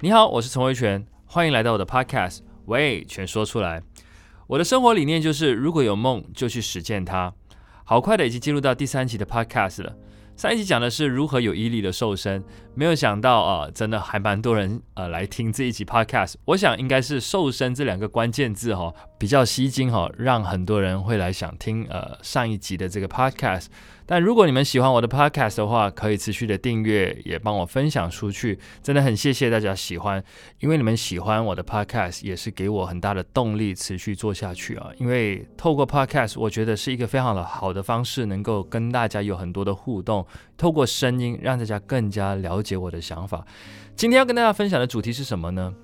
你好，我是陳維全，歡迎來到我的 podcast。喂，全說出來。我的生活理念就是，如果有夢，就去實踐它。好快的，已經進入到第三期的 podcast 了。上一集講的是如何有毅力的瘦身，沒有想到啊、呃，真的還蠻多人呃來聽這一集 podcast。我想應該是瘦身這兩個關鍵字哈、哦。比較吸睛哈、哦，讓很多人會來想聽，呃，上一集的這個 podcast。但如果你們喜歡我的 podcast 的話，可以持續的訂閱，也幫我分享出去，真的很謝謝大家喜歡，因為你們喜歡我的 podcast，也是給我很大的動力持續做下去啊。因為透過 podcast，我覺得是一個非常的好的方式，能夠跟大家有很多的互動，透過聲音讓大家更加了解我的想法。今天要跟大家分享的主題是什麼呢？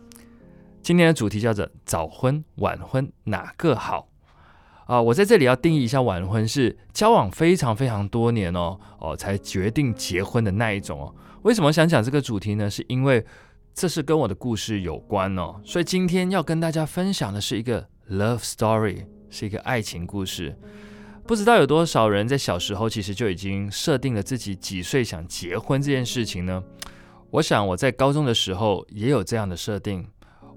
今天的主題叫做“早婚、晚婚，哪個好”啊！我在這裡要定義一下，晚婚是交往非常非常多年哦哦才決定結婚的那一種哦。為什麼想講這個主題呢？是因為這是跟我的故事有關哦。所以今天要跟大家分享的是一個 love story，是一個愛情故事。不知道有多少人在小時候其實就已經設定了自己幾歲想結婚這件事情呢？我想我在高中的時候也有這樣的設定。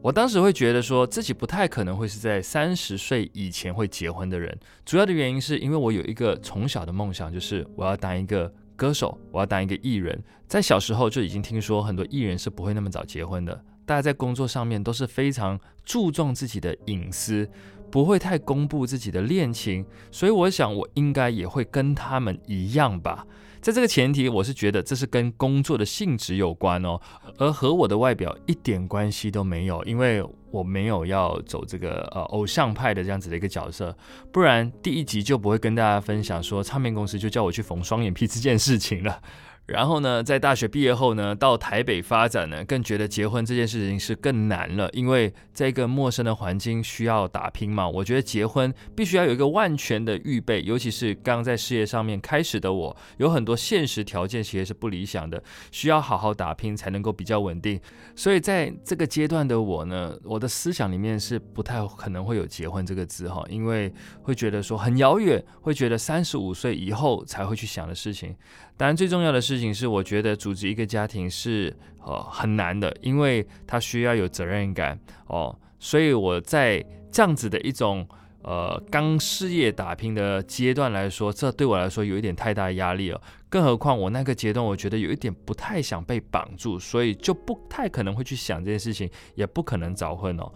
我當時會覺得，說自己不太可能會是在三十歲以前會結婚的人。主要的原因是因為我有一個從小的夢想，就是我要當一個歌手，我要當一個藝人。在小時候就已經聽說很多藝人是不會那麼早結婚的，大家在工作上面都是非常注重自己的隱私，不會太公布自己的戀情。所以我想，我應該也會跟他們一樣吧。在這個前提，我是覺得這是跟工作的性質有關哦，而和我的外表一點關係都沒有，因為我沒有要走這個呃偶像派的這樣子的一個角色，不然第一集就不會跟大家分享說唱片公司就叫我去縫雙眼皮這件事情了。然後呢，在大學畢業後呢，到台北發展呢，更覺得結婚這件事情是更難了，因為在一個陌生的環境需要打拼嘛。我覺得結婚必須要有一個萬全的預備，尤其是剛在事業上面開始的我，有很多現實條件其實是不理想的，需要好好打拼才能夠比較穩定。所以在這個階段的我呢，我的思想裡面是不太可能會有結婚這個字哈，因為會覺得說很遙遠，會覺得三十五歲以後才會去想的事情。當然，最重要的事情是，我覺得組織一個家庭是呃很難的，因為它需要有責任感哦。所以我在這樣子的一種呃剛事業打拼的階段來說，這對我來說有一點太大的壓力哦。更何況我那個階段，我覺得有一點不太想被綁住，所以就不太可能會去想這件事情，也不可能早婚哦。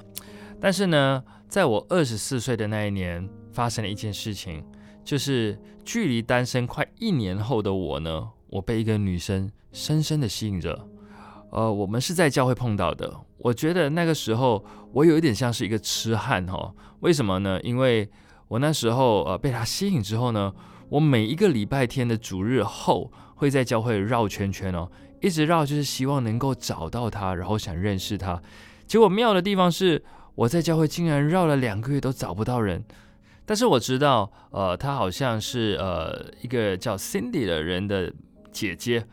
但是呢，在我二十四歲的那一年，發生了一件事情。就是距離單身快一年後的我呢，我被一個女生深深的吸引着，呃，我們是在教會碰到的。我覺得那個時候我有一點像是一個痴漢哈，哦，為什麼呢？因為我那時候呃被她吸引之後呢，我每一個禮拜天的主日後會在教會繞圈圈哦，一直繞，就是希望能夠找到她，然後想認識她。結果妙的地方是，我在教會竟然繞了兩個月都找不到人。但是我知道，呃，她好像是呃一個叫 Cindy 的人的姐姐，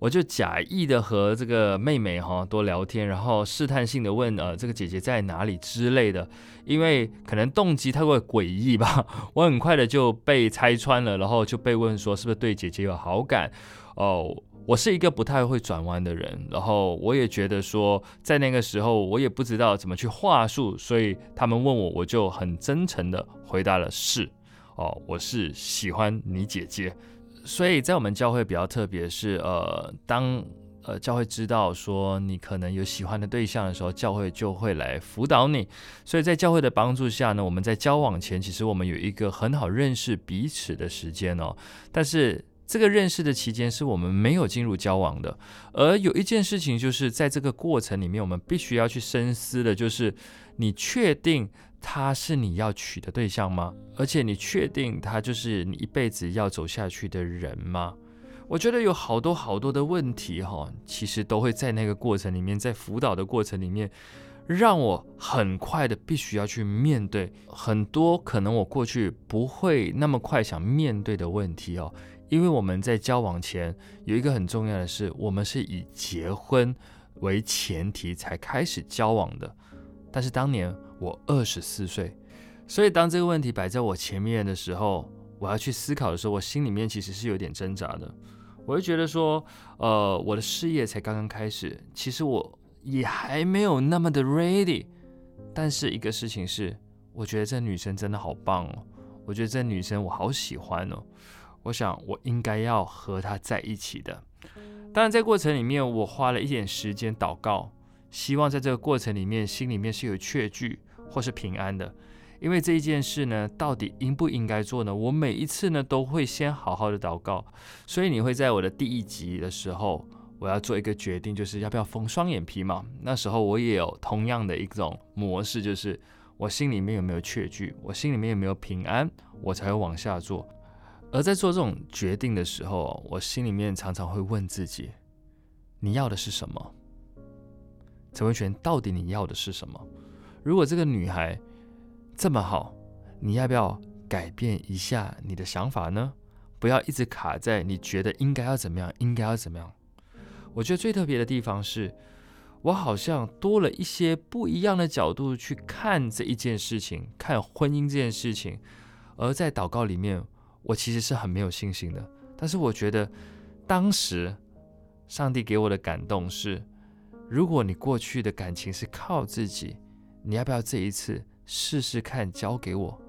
我就假意的和這個妹妹哈、哦、多聊天，然後試探性的問，呃，這個姐姐在哪裡之類的，因為可能動機太過詭異吧，我很快的就被拆穿了，然後就被問說是不是對姐姐有好感，哦。我是一個不太會轉彎的人，然後我也覺得說，在那個時候我也不知道怎麼去話術，所以他們問我，我就很真誠地回答了是哦，我是喜歡你姐姐。所以在我們教會比較特別是，是呃，當呃教會知道說你可能有喜歡的對象的時候，教會就會來輔導你。所以在教會的幫助下呢，我們在交往前其實我們有一個很好認識彼此的時間哦，但是。這個認識的期間是我們沒有進入交往的，而有一件事情就是在這個過程裡面，我們必須要去深思的，就是你確定他是你要娶的對象嗎？而且你確定他就是你一輩子要走下去的人嗎？我覺得有好多好多的問題哈、哦，其實都會在那個過程裡面，在輔導的過程裡面，讓我很快的必須要去面對很多可能我過去不會那麼快想面對的問題哦。因為我們在交往前有一個很重要的是，我們是以結婚為前提才開始交往的。但是當年我二十四歲，所以當這個問題擺在我前面的時候，我要去思考的時候，我心裡面其實是有點掙扎的。我會覺得說，呃，我的事業才剛剛開始，其實我也還沒有那麼的 ready。但是一個事情是，我覺得這女生真的好棒哦，我覺得這女生我好喜歡哦。我想，我應該要和他在一起的。當然，在過程裡面，我花了一點時間禱告，希望在這個過程裡面，心裡面是有確據或是平安的。因為這一件事呢，到底應不應該做呢？我每一次呢，都會先好好的禱告。所以你會在我的第一集的時候，我要做一個決定，就是要不要縫雙眼皮嘛？那時候我也有同樣的一種模式，就是我心裡面有沒有確據，我心裡面有沒有平安，我才會往下做。而在做這種決定的時候，我心裡面常常會問自己：“你要的是什麼？”陳文權，到底你要的是什麼？如果這個女孩這麼好，你要不要改變一下你的想法呢？不要一直卡在你覺得應該要怎麼樣，應該要怎麼樣？我覺得最特別的地方是，我好像多了一些不一樣的角度去看這一件事情，看婚姻這件事情，而在禱告裡面。我其實是很沒有信心的，但是我覺得當時上帝給我的感動是：如果你過去的感情是靠自己，你要不要這一次試試看交給我？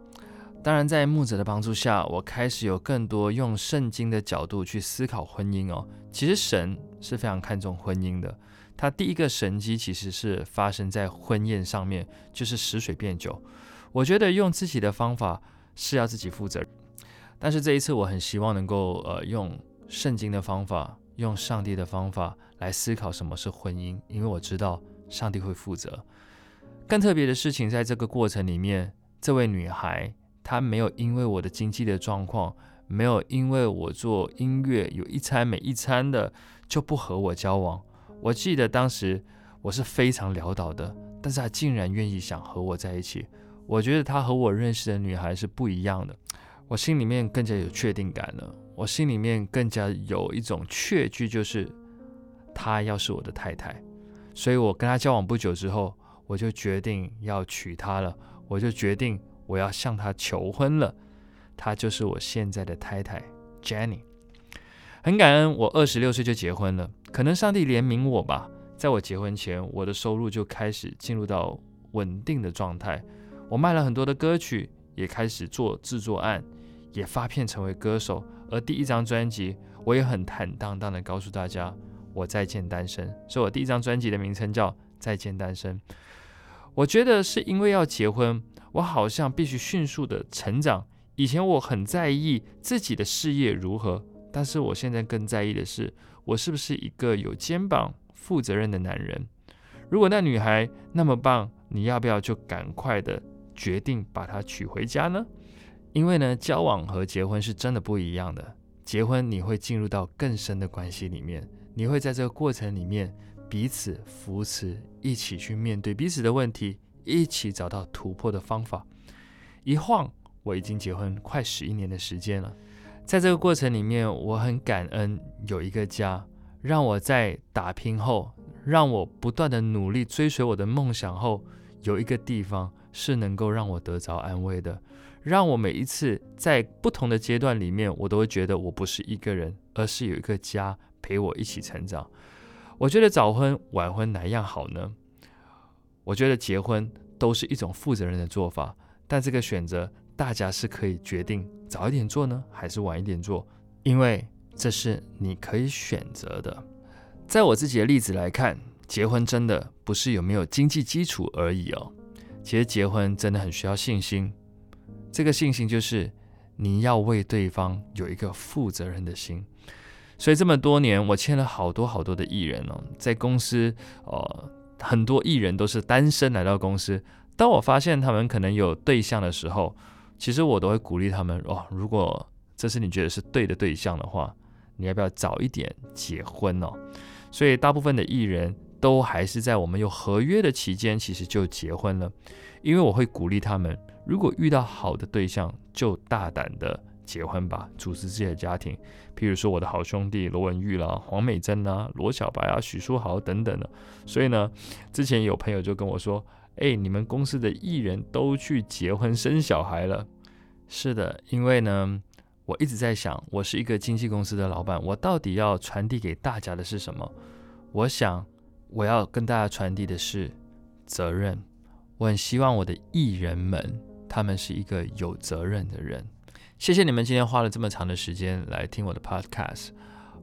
當然，在牧者的幫助下，我開始有更多用聖經的角度去思考婚姻哦。其實神是非常看重婚姻的，他第一個神蹟其實是發生在婚宴上面，就是使水變酒。我覺得用自己的方法是要自己負責。但是這一次，我很希望能夠，呃，用聖經的方法，用上帝的方法來思考什麼是婚姻，因為我知道上帝會負責。更特別的事情，在這個過程裡面，這位女孩她沒有因為我的經濟的狀況，沒有因為我做音樂有一餐沒一餐的就不和我交往。我記得當時我是非常潦倒的，但是她竟然願意想和我在一起。我覺得她和我認識的女孩是不一樣的。我心裡面更加有確定感了，我心裡面更加有一種確據，就是她要是我的太太，所以我跟她交往不久之後，我就決定要娶她了，我就決定我要向她求婚了，她就是我現在的太太 Jenny。很感恩，我二十六歲就結婚了，可能上帝憐憫我吧，在我結婚前，我的收入就開始進入到穩定的狀態，我賣了很多的歌曲，也開始做制作案。也發片成為歌手，而第一張專輯，我也很坦蕩蕩的告訴大家，我再見單身，所以，我第一張專輯的名稱叫《再見單身》。我覺得是因為要結婚，我好像必須迅速的成長。以前我很在意自己的事業如何，但是我現在更在意的是，我是不是一個有肩膀、負責任的男人。如果那女孩那麼棒，你要不要就趕快的決定把她娶回家呢？因為呢，交往和結婚是真的不一樣的。結婚，你會進入到更深的關係裡面，你會在這個過程裡面彼此扶持，一起去面對彼此的問題，一起找到突破的方法。一晃，我已經結婚快十一年的時間了，在這個過程裡面，我很感恩有一個家，讓我在打拼後，讓我不斷的努力追隨我的夢想後，有一個地方是能夠讓我得着安慰的。讓我每一次在不同的階段裡面，我都會覺得我不是一個人，而是有一個家陪我一起成長。我覺得早婚晚婚哪樣好呢？我覺得結婚都是一種負責任的做法，但這個選擇大家是可以決定早一點做呢，還是晚一點做，因為這是你可以選擇的。在我自己的例子來看，結婚真的不是有沒有經濟基礎而已哦，其實結婚真的很需要信心。這個信心就是你要為對方有一個負責任的心，所以這麼多年我簽了好多好多的藝人哦，在公司呃，很多藝人都是單身來到公司，當我發現他們可能有對象的時候，其實我都會鼓勵他們哦，如果這是你覺得是對的對象的話，你要不要早一點結婚哦？所以大部分的藝人。都還是在我們有合約的期間，其實就結婚了，因為我會鼓勵他們，如果遇到好的對象，就大膽的結婚吧，組織自己的家庭。譬如說我的好兄弟羅文玉啦、黃美珍啊、羅小白啊、許書豪等等的。所以呢，之前有朋友就跟我說：“哎，你們公司的藝人都去結婚生小孩了。”是的，因為呢，我一直在想，我是一個經紀公司的老闆，我到底要傳遞給大家的是什麼？我想。我要跟大家傳遞的是責任。我很希望我的藝人們，他們是一個有責任的人。謝謝你們今天花了這麼長的時間來聽我的 podcast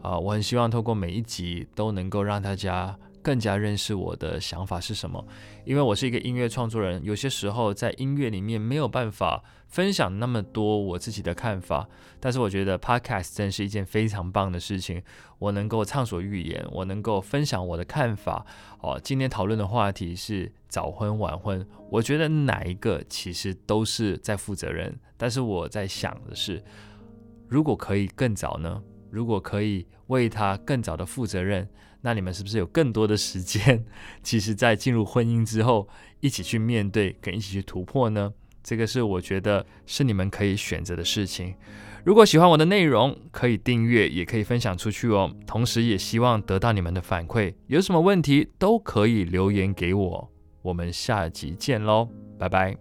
啊，呃，我很希望透過每一集都能夠讓大家，更加認識我的想法是什麼？因為我是一個音樂創作人，有些時候在音樂裡面沒有辦法分享那麼多我自己的看法，但是我覺得 podcast 真是一件非常棒的事情，我能夠暢所欲言，我能夠分享我的看法。哦，今天討論的話題是早婚晚婚，我覺得哪一個其實都是在負責任，但是我在想的是，如果可以更早呢？如果可以為他更早的負責任。那你們是不是有更多的時間？其實，在進入婚姻之後，一起去面對，跟一起去突破呢？這個是我覺得是你們可以選擇的事情。如果喜歡我的內容，可以訂閱，也可以分享出去哦。同時也希望得到你們的反饋，有什麼問題都可以留言給我。我們下集見嘍，拜拜。